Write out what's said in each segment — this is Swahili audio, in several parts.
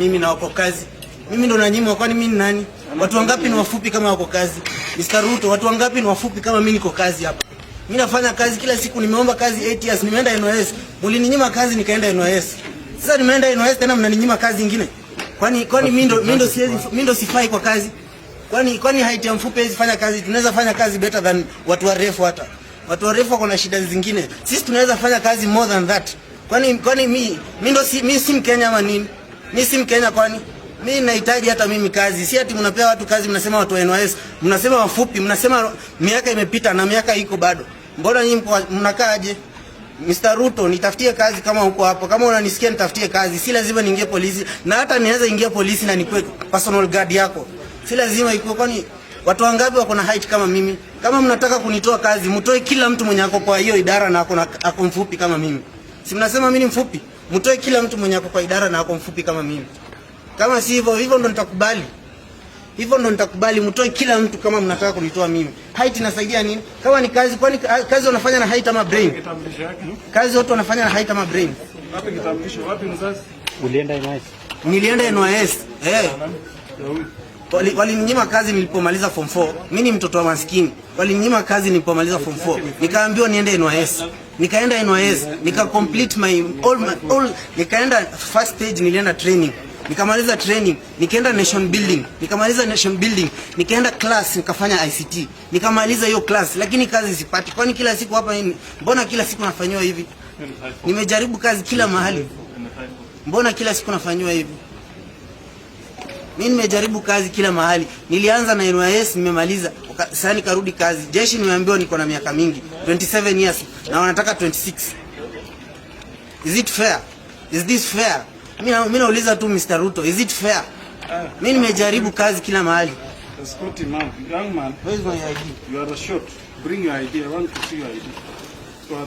Mimi na wako kazi, mimi ndo nanyimwa, kwani mimi ni nani? Watu wangapi ni wafupi kama wako kazi? Mr. Ruto, watu wangapi ni wafupi kama mimi niko kazi hapa? Mimi nafanya kazi kila siku, nimeomba kazi 8 years, nimeenda NYS, mulininyima kazi nikaenda NYS. Sasa nimeenda NYS tena mnaninyima kazi nyingine. Kwani kwani mimi ndo mimi ndo siwezi mimi ndo sifai kwa kazi? Kwani kwani haiti mfupi hizi fanya kazi, tunaweza fanya kazi better than watu warefu hata watu warefu wako na shida zingine, sisi tunaweza fanya kazi more than that. Kwani kwani mi mi ndo si, mi si Mkenya ama nini? Mi si Mkenya kwani? Mi nahitaji hata mimi kazi, si ati mnapea watu kazi, mnasema watu wa NYS, mnasema wafupi, mnasema miaka imepita na miaka iko bado. Mbona nyinyi mko mnakaaje? Mr. Ruto, nitafutie kazi kama huko hapo. Kama unanisikia nitafutie kazi. Si lazima niingie polisi na hata niweza ingia polisi na nikuwe personal guard yako. Si lazima ikuwe kwani Watu wangapi wako na height kama mimi? Kama mnataka kunitoa kazi, mtoe kila mtu mwenye ako kwa hiyo idara na ako na ako mfupi kama mimi. Si mnasema mimi ni mfupi? Mtoe kila mtu mwenye ako kwa idara na ako mfupi kama mimi. Kama si hivyo, hivyo ndo nitakubali. Hivyo ndo nitakubali, mtoe kila mtu kama mnataka kunitoa mimi. Height inasaidia nini? Kama ni kazi, kwani kazi wanafanya na height ama brain? Kazi watu wanafanya na height ama brain? Wapi kitambulisho? Wapi mzazi? Ulienda NYS? Nilienda NYS. Eh. Hey. Walimnyima wali kazi nilipomaliza form 4. Mimi ni mtoto wa maskini. Walimnyima kazi nilipomaliza form 4. Nikaambiwa niende NYS. Nikaenda NYS, nika complete my all, my, all nikaenda first stage nilienda training. Nikamaliza training, nikaenda nation building, nikamaliza nation building, nikaenda class nikafanya ICT. Nikamaliza hiyo class lakini kazi sipati. Kwani kila siku hapa nini? Mbona kila siku nafanywa hivi? Nimejaribu kazi kila mahali. Mbona kila siku nafanywa hivi? Mimi nimejaribu kazi kila mahali. Nilianza na NYS nimemaliza. Sasa nikarudi kazi. Jeshi nimeambiwa niko na miaka mingi, 27 years na wanataka 26. Is it fair? Is this fair? Mimi na, mimi nauliza tu Mr. Ruto, is it fair? Mimi nimejaribu kazi kila mahali. Young man, where is my ID? You are a short. Bring your ID. I want to see your ID. So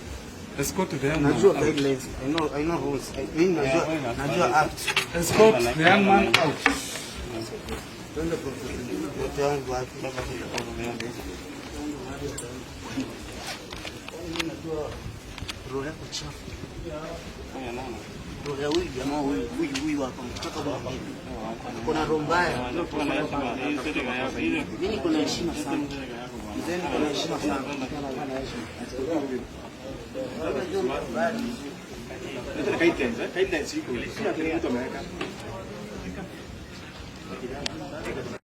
Let's go to the young man. Najua guidelines. I know, I know rules. Mimi najua, najua act. Let's go to the young man out. Twende kwa mtoto wangu wapi? Najua roho yako chafu. Roho ya huyu jamaa huyu huyu hapa mtoka bwana. Kuna roho mbaya. Mimi kuna heshima sana. Mzee kuna heshima sana. Kaitlyn, Kaitlyn, sí, Kaitlyn, sí, Kaitlyn,